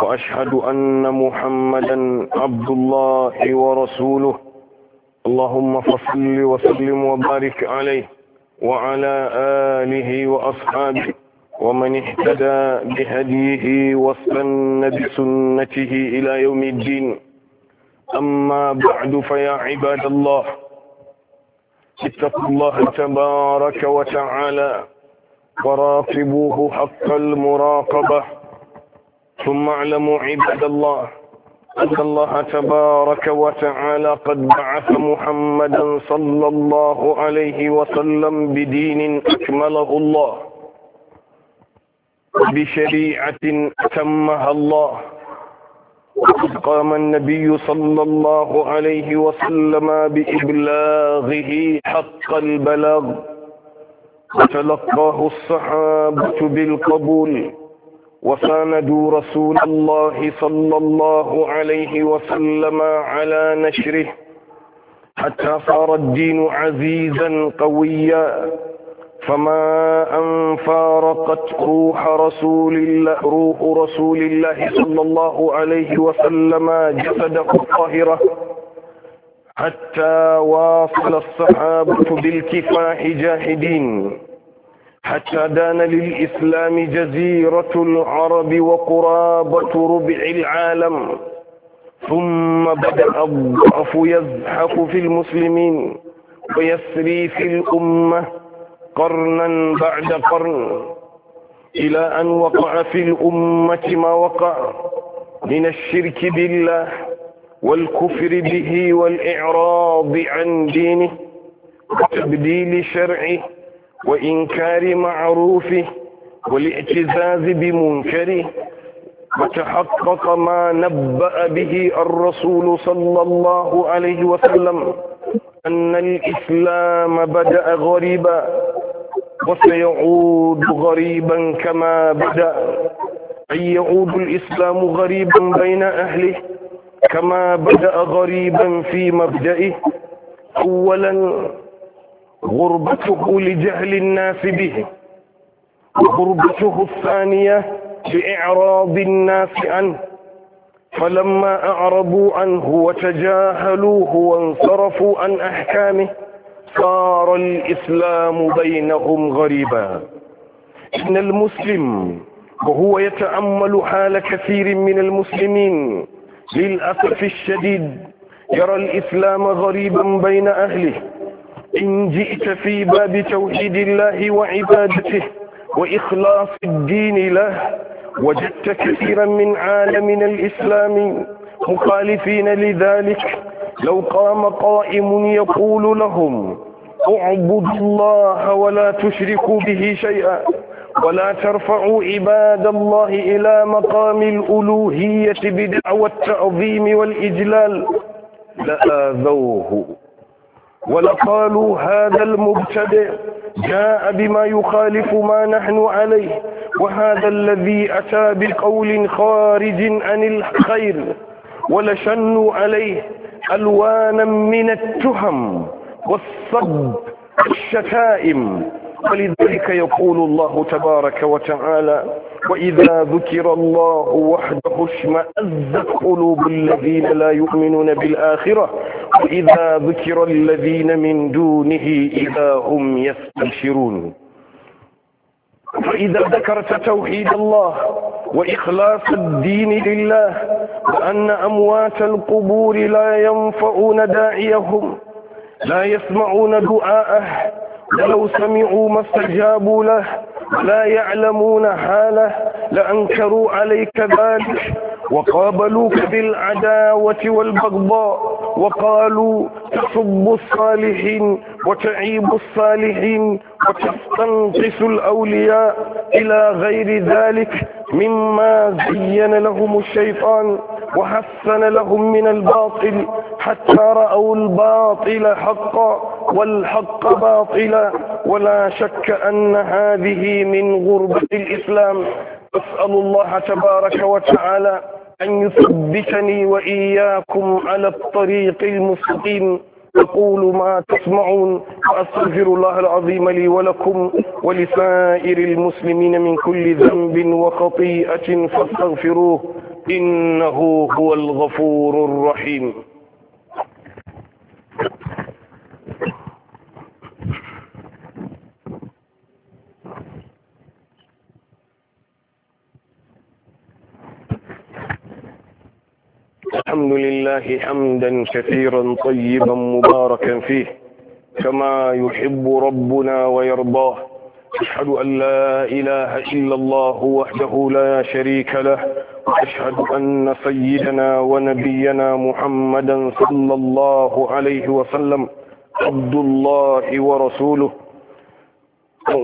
وأشهد أن محمدا عبد الله ورسوله اللهم فصل وسلم وبارك عليه وعلى آله وأصحابه ومن اهتدى بهديه وسن بسنته إلى يوم الدين أما بعد فيا عباد الله اتقوا الله تبارك وتعالى وراقبوه حق المراقبه ثم اعلموا عباد الله أن الله تبارك وتعالى قد بعث محمدا صلى الله عليه وسلم بدين أكمله الله بشريعة أتمها الله قام النبي صلى الله عليه وسلم بإبلاغه حق البلاغ وتلقاه الصحابة بالقبول وساندوا رسول الله صلى الله عليه وسلم على نشره حتى صار الدين عزيزا قويا فما أن فارقت روح رسول الله روح رسول الله صلى الله عليه وسلم جسده الطاهرة حتى واصل الصحابة بالكفاح جاهدين حتى دان للإسلام جزيرة العرب وقرابة ربع العالم ثم بدأ الضعف يزحف في المسلمين ويسري في الأمة قرنا بعد قرن إلى أن وقع في الأمة ما وقع من الشرك بالله والكفر به والإعراض عن دينه وتبديل شرعه وإنكار معروفه والاعتزاز بمنكره وتحقق ما نبأ به الرسول صلى الله عليه وسلم أن الإسلام بدأ غريبا وسيعود غريبا كما بدأ أي يعود الإسلام غريبا بين أهله كما بدأ غريبا في مبدئه أولا غربته لجهل الناس به وغربته الثانية بإعراض الناس عنه فلما أعرضوا عنه وتجاهلوه وانصرفوا عن أحكامه صار الإسلام بينهم غريبا إن المسلم وهو يتأمل حال كثير من المسلمين للأسف الشديد يرى الإسلام غريبا بين أهله إن جئت في باب توحيد الله وعبادته وإخلاص الدين له وجدت كثيرا من عالمنا الإسلام مخالفين لذلك لو قام قائم يقول لهم اعبدوا الله ولا تشركوا به شيئا ولا ترفعوا عباد الله إلى مقام الألوهية بدعوى التعظيم والإجلال لآذوه ولقالوا هذا المبتدع جاء بما يخالف ما نحن عليه وهذا الذي أتى بقول خارج عن الخير ولشنوا عليه ألوانا من التهم والصب الشتائم ولذلك يقول الله تبارك وتعالى وإذا ذكر الله وحده اشمأزت قلوب الذين لا يؤمنون بالآخرة وإذا ذكر الذين من دونه إذا هم يستبشرون فإذا ذكرت توحيد الله وإخلاص الدين لله وأن أموات القبور لا ينفعون داعيهم لا يسمعون دعاءه ولو سمعوا ما استجابوا له لا يعلمون حاله لأنكروا عليك ذلك وقابلوك بالعداوة والبغضاء وقالوا تصب الصالحين وتعيب الصالحين وتستنقص الأولياء إلى غير ذلك مما زين لهم الشيطان وحسن لهم من الباطل حتى رأوا الباطل حقا والحق باطلا ولا شك أن هذه من غربة الإسلام أسأل الله تبارك وتعالى أن يثبتني وإياكم على الطريق المستقيم أقول ما تسمعون وأستغفر الله العظيم لي ولكم ولسائر المسلمين من كل ذنب وخطيئة فاستغفروه إنه هو الغفور الرحيم لله حمدا كثيرا طيبا مباركا فيه كما يحب ربنا ويرضاه أشهد أن لا إله إلا الله وحده لا شريك له وأشهد أن سيدنا ونبينا محمدا صلى الله عليه وسلم عبد الله ورسوله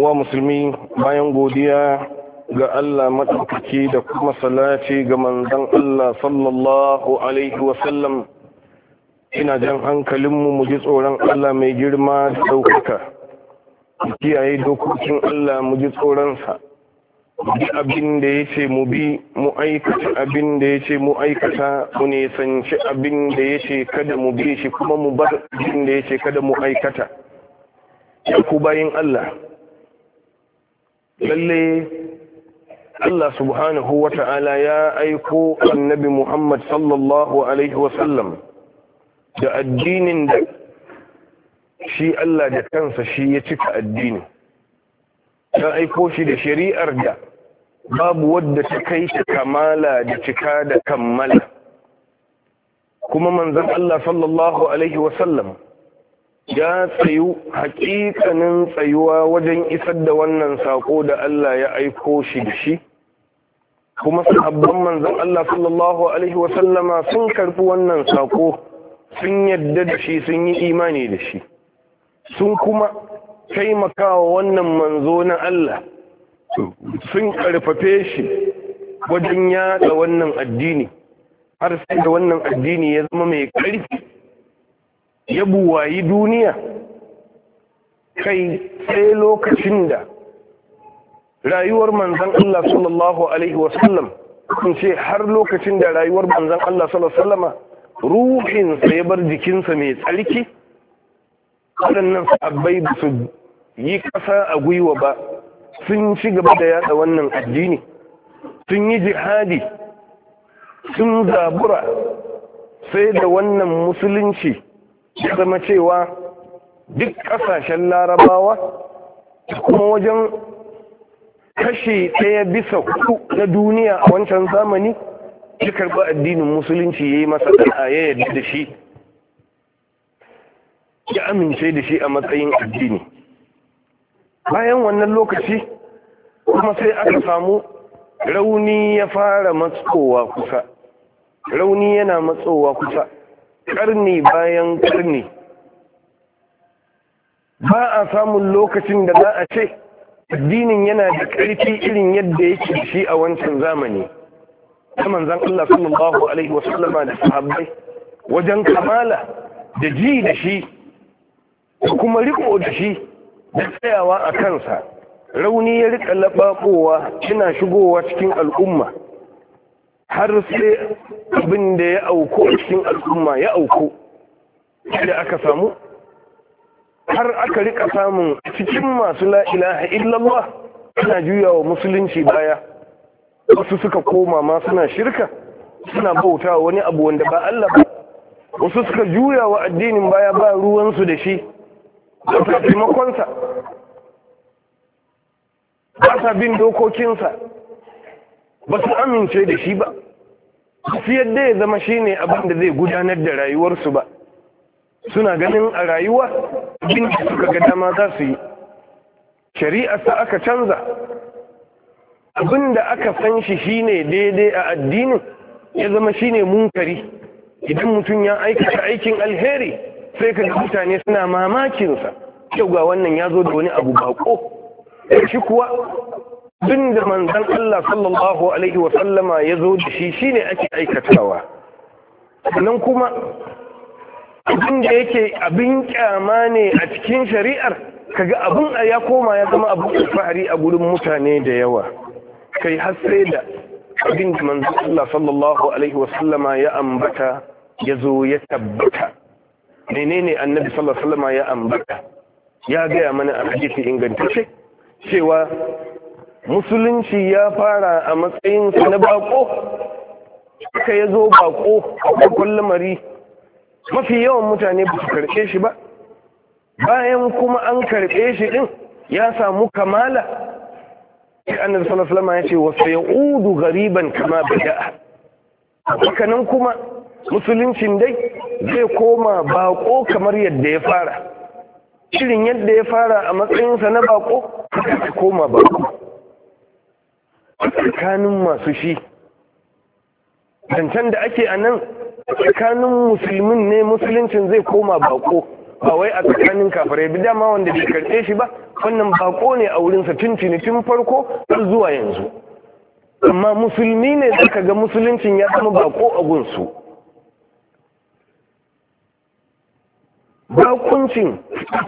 ومسلمين ما ينقوديا ga Allah matsakaki da kuma salati ga manzon Allah sallallahu alaihi wasallam ina jan hankalinmu mu ji tsoron Allah mai girma da ɗaukaka kiyaye dokokin Allah mu ji tsoronsa bi abin da ya ce mu bi mu aikata abin da ya ce mu aikata mu nisanci abin da ya ce kada mu bi shi kuma mu bar abin da ya ce kada mu aikata ya ku bayin Allah lalle Allah subhanahu wa ta'ala ya aiko annabi Muhammad sallallahu Alaihi wasallam da addinin da shi Allah da kansa shi ya cika addini. Ya aiko shi da shari'ar da babu wadda ta kai ta kamala da cika da kammala. Kuma manzan Allah sallallahu Alaihi wasallam ya tsayu haƙiƙanin tsayuwa wajen isar da wannan saƙo da Allah ya aiko shi da shi. kuma sahabban manzon Allah sallallahu alaihi wasallama sun karbi wannan sako sun yadda da shi sun yi imani da shi sun kuma taimakawa wannan manzo na Allah sun karfafe shi wajen yada wannan addini har sai da wannan addini ya zama mai karfi ya buwayi duniya kai sai lokacin da rayuwar manzan Allah sallallahu alaihi wasallam sun ce har lokacin da rayuwar manzan Allah sallallahu alaihi wasallama ruhinsa ya bar jikinsa mai tsarki waɗannan sabbai ba su yi ƙasa a gwiwa ba sun ci gaba da yada wannan addini sun yi jihadi sun zabura sai da wannan musulunci ya zama cewa duk ƙasashen larabawa kuma wajen kashi ɗaya bisa hudu na duniya a wancan zamani ya karɓi addinin musulunci ya yi masa ɗan'a ya yarda da shi ya amince da shi a matsayin addini bayan wannan lokaci kuma sai aka samu rauni ya fara matsowa kusa rauni yana matsowa kusa ƙarni bayan ƙarni. ba a samun lokacin da za a ce addinin yana da ƙarfi irin yadda yake shi a wancan zamani ta manzan Allah sallallahu alaihi wa sallama da sahabbai wajen kamala da ji da shi da kuma riko da shi da tsayawa a kansa rauni ya rika laɓaɓowa yana shigowa cikin al'umma har sai abin da ya auku a cikin al'umma ya auku da aka samu har aka rika samun cikin masu laila a illallah suna juya wa musulunci baya wasu suka koma ma suna shirka suna bauta wani abu wanda ba Allah ba wasu suka juya wa addinin baya ba ruwansu da shi ba taimakonsa ba sa bin dokokinsa ba su amince da shi ba su yadda ya zama shine abin da zai gudanar da rayuwarsu ba suna ganin a rayuwa abin da suka ga dama za su yi Shari'ar shari'arsa aka canza abin da aka san shi shine daidai a addinin ya zama shine munkari idan mutum ya aikata aikin alheri sai ka ga mutane suna mamakinsa yau ga wannan ya zo da wani abu bako shi kuwa bin da manzon Allah sallallahu alaihi wa sallama ya zo da shi shine ake aikatawa sannan kuma abin da yake abin kyama ne a cikin shari'ar kaga abin a ya koma ya zama abin alfahari a gurin mutane da yawa kai har sai da abin da manzo Allah sallallahu alaihi wasallama ya ambata ya zo ya tabbata menene annabi sallallahu alaihi ya ambata ya gaya mana a hadisi ingantacce cewa musulunci ya fara a matsayin na bako aka ya zo bako a farkon lamari mafi yawan mutane ba su karɓe shi ba bayan kuma an karɓe shi ɗin ya samu kamala annabi sallallahu alaihi ya ce wa sayudu gariban kama bada haka nan kuma musuluncin dai zai koma bako kamar yadda ya fara shirin yadda ya fara a matsayinsa na bako ya koma bako tsakanin masu shi dantan da ake a nan tsakanin musulmin ne musuluncin zai koma bako ba wai a tsakanin kafare bi dama wanda bai karɓe shi ba wannan bako ne a wurinsa tun tun farko har zuwa yanzu amma musulmi ne zaka ga musuluncin ya zama bako a gunsu bakuncin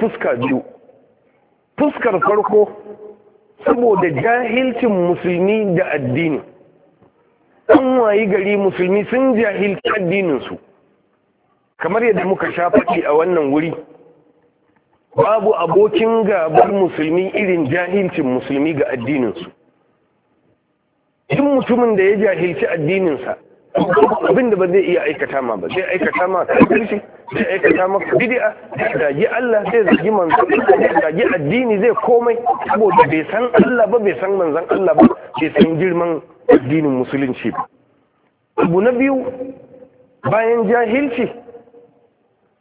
fuska biyu fuskar farko saboda jahilcin musulmi da addini an wayi gari musulmi sun jahilci addininsu kamar yadda muka sha faɗi a wannan wuri babu abokin gabar musulmi irin jahilcin musulmi ga addininsu in mutumin da ya jahilci addininsa abin da ba zai iya aikata ma ba zai aikata ma kafirci zai aikata maka bid'a da ji Allah zai zagi manzon da ji addini zai komai saboda bai san Allah ba bai san manzon Allah ba bai san girman addinin musulunci ba abu na biyu bayan jahilci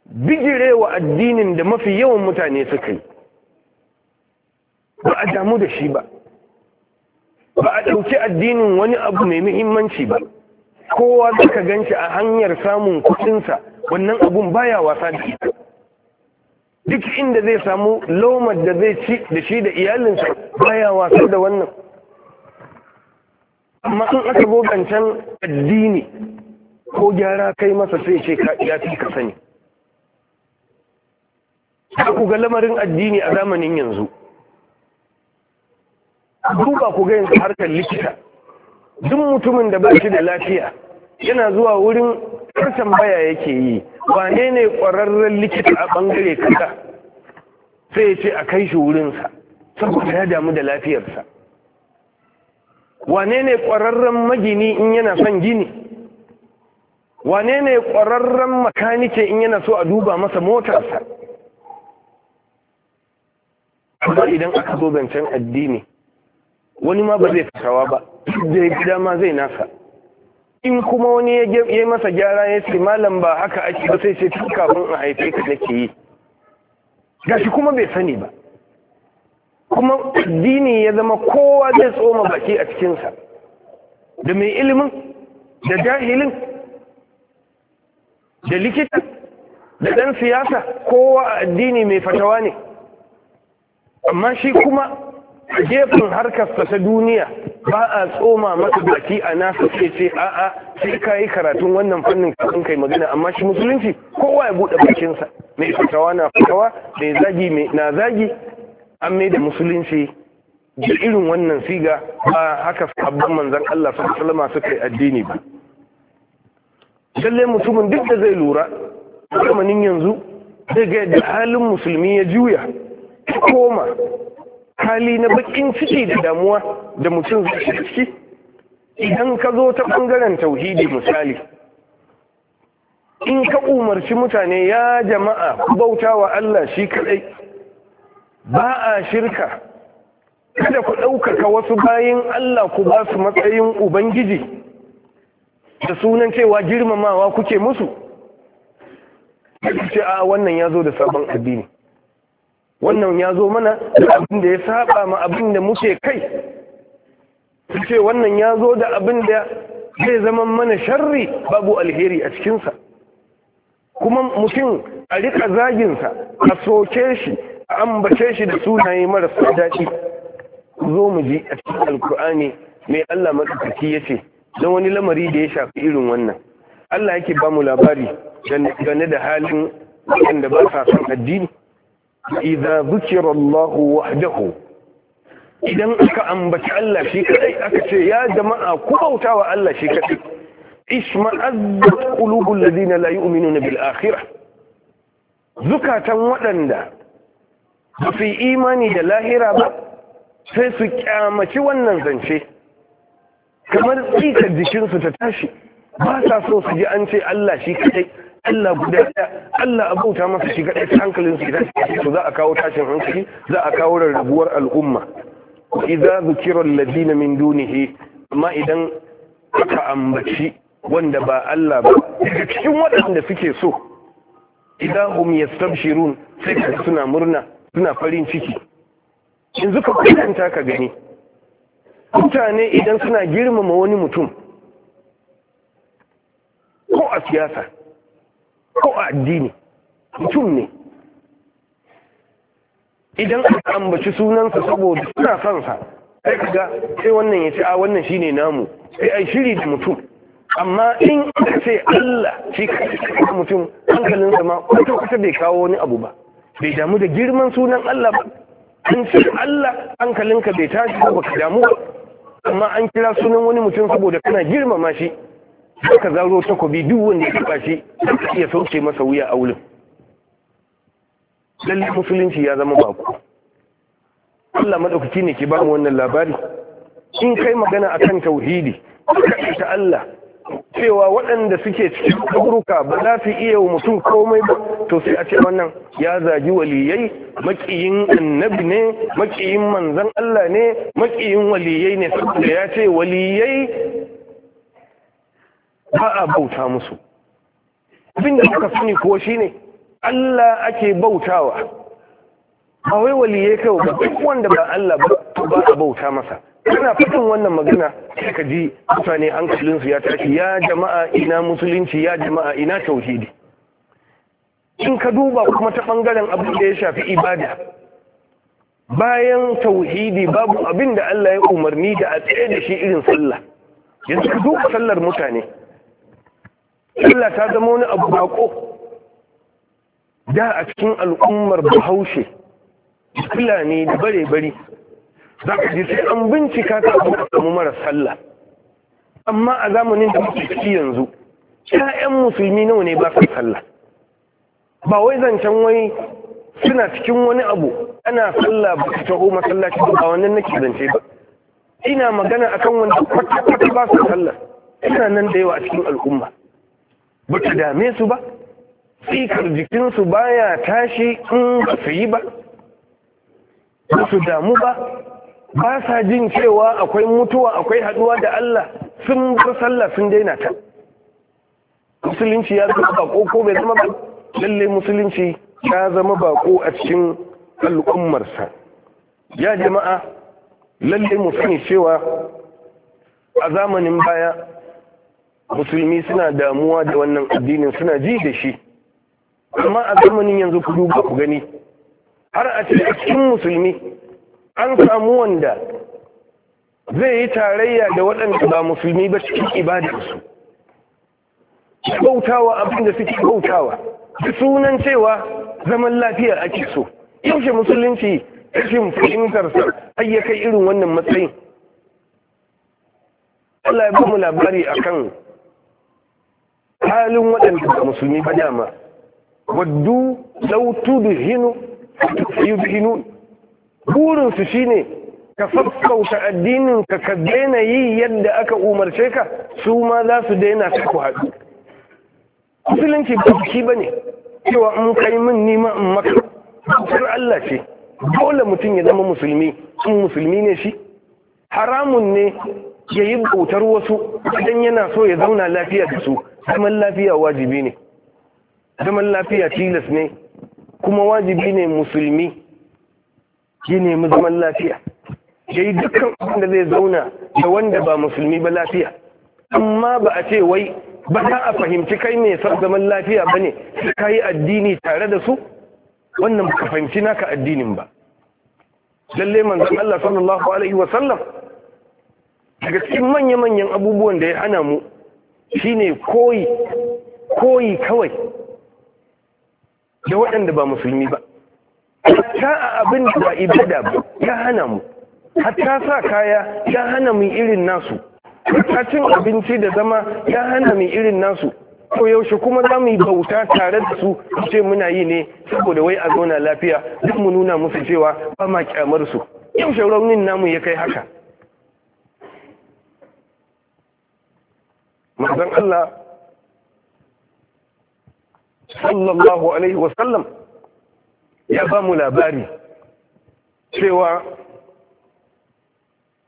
bijirewa addinin da mafi yawan mutane suka yi ba a damu da shi ba ba a ɗauki addinin wani abu mai muhimmanci ba kowa zaka shi a hanyar samun kuɗinsa wannan abun baya wasa da ita duk inda zai samu lomar da zai ci da shi da iyalinsa baya wasa da wannan amma in aka zo addini ko gyara kai masa sai ce ya fi ka sani ku ga lamarin addini a zamanin yanzu duba ku ga yanzu harkar likita duk mutumin da ba shi da lafiya yana zuwa wurin babbar tambaya yake yi wane ne ƙwararren likita a ɓangare kaza sai ya ce a kai shi wurinsa saboda ya damu da lafiyarsa wane ne ƙwararren magini in yana son gini wane ne ƙwararren makanike in yana so a duba masa motarsa amma idan aka zo zancen addini wani ma ba zai fasawa ba da gida ma zai nasa in kuma wani ya yi masa gyara ya ce malam ba haka ake ba sai sai kafin a haife ka nake yi gashi kuma bai sani ba kuma addini ya zama kowa zai tsoma baki a cikinsa da mai ilimin da jahilin da likita da ɗan siyasa kowa a addini mai fatawa ne amma shi kuma a gefen harkarsa ta duniya ba a tsoma masa baki a nasa sai ce a'a sai ka yi karatun wannan fannin kafin kai magana amma shi musulunci kowa ya buɗe bakinsa mai fatawa na fatawa mai zagi na zagi an mai da musulunci da irin wannan siga ba haka sabon manzan Allah sallallahu alaihi suka yi addini ba lalle mutumin duk da zai lura zamanin yanzu zai ga yadda halin musulmi ya juya koma hali na bakin ciki da damuwa da mutum zai shiga ciki idan ka zo ta ɓangaren tauhidi misali in ka umarci mutane ya jama'a bauta wa Allah shi kadai ba a shirka kada ku ɗaukaka wasu bayan Allah ku ba su matsayin ubangiji da sunan cewa girmamawa kuke musu ce a wannan ya zo da sabon addini wannan ya zo mana da abin da ya saba ma abin da muke kai ce wannan ya zo da abin da zai zama mana sharri babu alheri a cikinsa kuma mutum a riƙa zaginsa a soke shi a ambace shi da sunaye marasa daɗi zo mu ji a cikin alkur'ani mai allah matsakaki ya ce don wani lamari da ya shafi irin wannan allah yake ba mu labari gane da halin waɗanda ba sa son addini idza dhukira Allah wahdahu idan aka ambaci Allah shi kadai aka ce ya jama'a ku bautawa Allah shi kadai isma'azzat qulubul ladina la yu'minuna bil akhirah zukatan waɗanda ba su yi imani da lahira ba sai su kyamaci wannan zance kamar tsika jikinsu ta tashi ba sa so su ji an ce Allah shi kadai Allah guda Allah abauta masa shi kaɗai ta hankalin su idan su za a kawo tashin hankali za a kawo rarrabuwar al'umma idan zukira ladina min dunihi amma idan aka ambaci wanda ba Allah ba daga cikin waɗanda suke so idan hum yastabshirun sai ka suna murna suna farin ciki yanzu ka kwatanta ka gani mutane idan suna girmama wani mutum ko a siyasa ko a addini mutum ne idan aka ambaci sunansa saboda suna sansa sai kaga sai wannan ya ce a wannan shine namu sai ai shiri da mutum amma in aka ce Allah shi ka mutum hankalinsa ma wato kuta bai kawo wani abu ba bai damu da girman sunan Allah ba an ce Allah hankalinka bai tashi ba ka damu ba amma an kira sunan wani mutum saboda kana girmama shi haka zaro takobi duk wanda ya taba shi ka iya sauke masa wuya a wurin lalle musulunci ya zama bako Allah madaukaki ne ke ba mu wannan labari in kai magana akan tauhidi ka Allah cewa waɗanda suke cikin kaburuka ba za su iya wa mutum komai ba to sai a ce wannan ya zagi waliyai makiyin annabi ne makiyin manzan Allah ne makiyin waliyai ne saboda ya ce waliyai ba a bauta musu abin da muka sani kuwa shine Allah ake bautawa a wai waliyai kawai ba duk wanda ba Allah ba a bauta masa kana fitin wannan magana sai ka ji mutane hankalinsu ya tashi ya jama'a ina musulunci ya jama'a ina tauhidi in ka duba kuma ta ɓangaren abin da ya shafi ibada bayan tauhidi babu abin da Allah ya umarni da a tsaye da shi irin sallah yanzu ka duba sallar mutane sallah ta zama wani abu bako da a cikin al'ummar bahaushe ne da bare-bare za ka ji sai an bincika ta abu da samu mara sallah amma a zamanin da muke ciki yanzu ƴaƴan musulmi nawa ne ba su sallah ba wai zancen wai suna cikin wani abu ana sallah ba su taho masallaci ba wannan nake zance ba ina magana akan wanda kwata-kwata ba su sallah ina nan da yawa a cikin al'umma ba ta dame su ba tsikar jikinsu baya tashi in ba su yi ba ba su damu ba ba sa jin cewa akwai mutuwa akwai haɗuwa da Allah sun bar sallah sun daina ta musulunci ya zama bako ko bai zama ba lalle musulunci ya zama baƙo a cikin al'ummarsa ya jama'a lalle mu sani cewa a zamanin baya musulmi suna damuwa da wannan addinin suna ji da shi amma a zamanin yanzu ku duba ku gani har a cikin musulmi an samu wanda zai yi tarayya da waɗanda ba musulmi ba cikin ibadarsu bautawa abin da suke bautawa da sunan cewa zaman lafiya ake so yaushe musulunci rashin fahimtarsa har ya kai irin wannan matsayin Allah ya bamu labari akan halin waɗanda ba musulmi ba dama waddu lau da hinu, burinsu shi ne, ka fafkauta addinin ka ka daina yi yadda aka umarce ka su ma za su daina ka ku haɗu musulunci ba shi bane cewa in kai min nima in maka Allah ce dole mutum ya zama musulmi in musulmi ne shi haramun ne ya yi bautar wasu idan yana so ya zauna lafiya da su zaman lafiya wajibi ne zaman lafiya tilas ne kuma wajibi ne musulmi ya nemi zaman lafiya ya yi dukkan wanda zai zauna da wanda ba musulmi ba lafiya amma ba a ce wai ba za a fahimci kai mai son zaman lafiya ba ne su ka yi addini tare da su wannan ba ka fahimci naka addinin ba lalle zan Allah sallallahu alaihi wasallam daga cikin manya-manyan abubuwan da ya hana mu shine koyi koyi kawai da waɗanda ba musulmi ba a abin da ba ibada ba ya hana mu hatta sa kaya ya hana mu irin nasu hatta cin abinci da zama ya hana mu irin nasu ko yaushe kuma za mu yi bauta tare da su ce muna yi ne saboda wai a zauna lafiya duk mu nuna musu cewa ba ma kyamar su yaushe raunin namu ya kai haka manzon Allah sallallahu alaihi wasallam ya ba mu labari cewa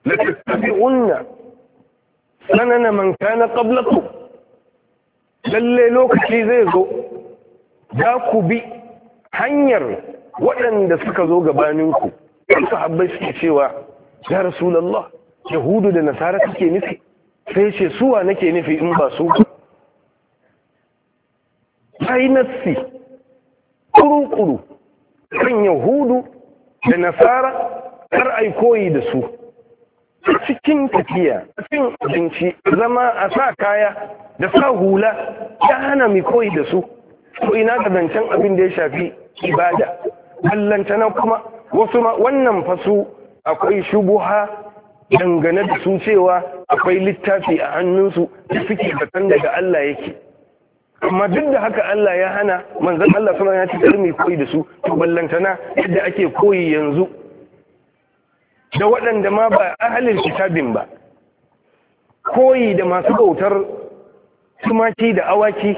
la tattabi'unna sanana man kana qablakum lalle lokaci zai zo za ku bi hanyar waɗanda suka zo gabaninku ku sahabbai suke cewa ya rasulallah yahudu da nasara suke nufi sai ce suwa nake nufi in ba su sai nassi kuru-kuru kan yahudu da nasara har ai koyi da su cikin tafiya cikin abinci zama a sa kaya da sa hula ya hana mai koyi da su ko ina ga zancen abin da ya shafi ibada na kuma wasu wannan fasu akwai shubuha dangane da su cewa akwai littafi a hannunsu da suke batan daga Allah yake amma duk da haka Allah ya hana manzan Allah suna ya ci karmi koyi da su to ballantana yadda ake koyi yanzu da waɗanda ma ba ahalin kitabin ba koyi da masu bautar tumaki da awaki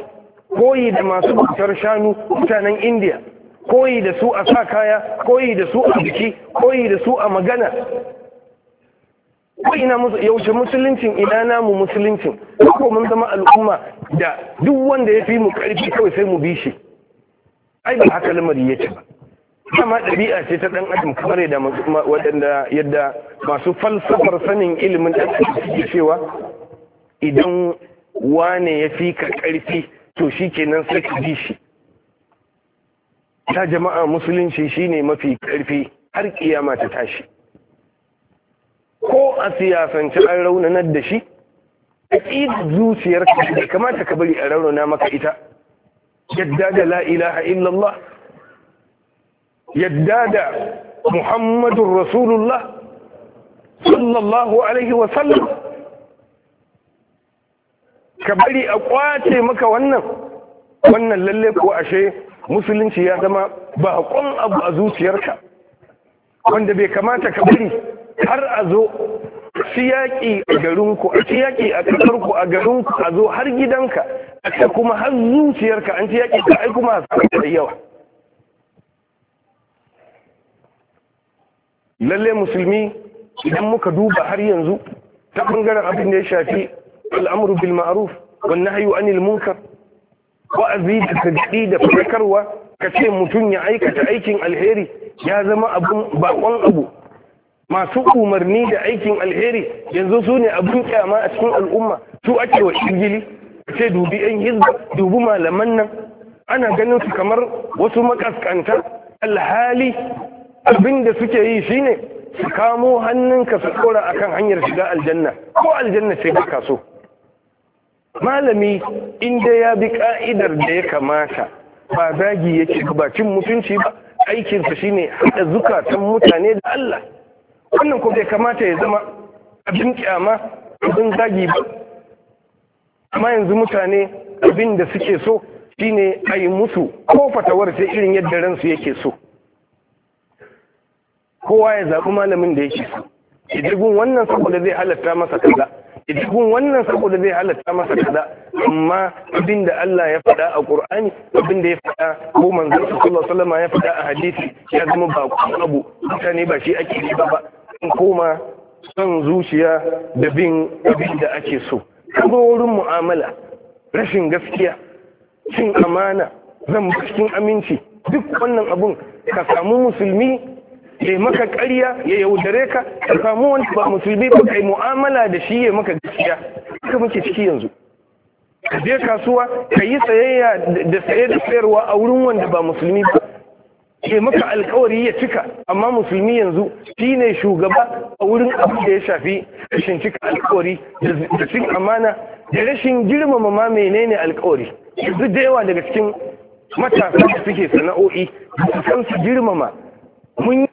koyi da masu bautar shanu mutanen indiya koyi da su a sa kaya koyi da su a biki koyi da su a magana ko ina musu yaushe musuluncin ina namu musuluncin ko mun zama al'umma da duk wanda ya fi mu karfi kawai sai mu bi shi ai ba haka lamari ya ce ba dama ɗabi'a ce ta ɗan adam kamar yadda waɗanda yadda masu falsafar sanin ilimin ɗan adam cewa idan wane ya fi ka karfi to shi kenan sai ka bi shi ta jama'a musulunci shine mafi karfi har kiyama ta tashi ko a siyasance an raunanar da shi a zuciyarka da kamata ka bari a raunana maka ita yadda da la ilaha illallah yadda da muhammadun rasulullah sallallahu alaihi wasallam ka bari a kwace maka wannan wannan lalle ko ashe musulunci ya zama baƙon abu a zuciyarka wanda bai kamata ka bari har a zo siyaƙi a garinku a siyaƙi a ƙasarku a garinku a zo har gidanka a kuma har zuciyarka an siyaƙi ka ai kuma hasarar yawa lalle musulmi idan muka duba har yanzu ta ɓangaren abin da ya shafi al'amuru bil ma'ruf an nahyu anil munkar wa'azi da tadidi da fadakarwa ka ce mutum ya aikata aikin alheri ya zama abin bakon abu masu umarni da aikin alheri yanzu su ne abin kyama a cikin al'umma su ake wa shirgili ce dubi yan hizba dubi malaman nan ana ganin su kamar wasu makaskanta alhali abin da suke yi shine su kamo hannunka su tsora akan hanyar shiga aljanna ko aljanna ce baka so malami inda ya bi ka'idar da ya kamata ba zagi yake ba cin mutunci ba aikinsa shine haɗa zukatan mutane da Allah wannan ko bai kamata ya zama abin kyama abin zagi ba amma yanzu mutane abin da suke so shine a yi musu ko fatawar sai irin yadda ransu yake so kowa ya zaɓi malamin da yake so idigun wannan saboda zai halatta masa kaza idigun wannan saboda zai halatta masa kaza amma abin da Allah ya faɗa a Qur'ani abin da ya faɗa ko manzon sallallahu alaihi wasallam ya faɗa a hadisi ya zama ba abu mutane ba shi ake yi ba in koma son zuciya da bin abin da ake so kaga wurin mu'amala rashin gaskiya cin amana zan cikin aminci duk wannan abun ka samu musulmi ya maka ƙarya ya yaudare ka ka samu wani ba musulmi ba kai mu'amala da shi ya maka gaskiya haka muke ciki yanzu ka je kasuwa ka yi tsayayya da saye da sayarwa a wurin wanda ba musulmi ba ke maka alkawari ya cika amma musulmi yanzu shi ne shugaba a wurin abin da ya shafi rashin cika alkawari da cin amana da rashin girmama ma menene alkawari yanzu da yawa daga cikin matasa da suke sana'o'i su san su girmama mun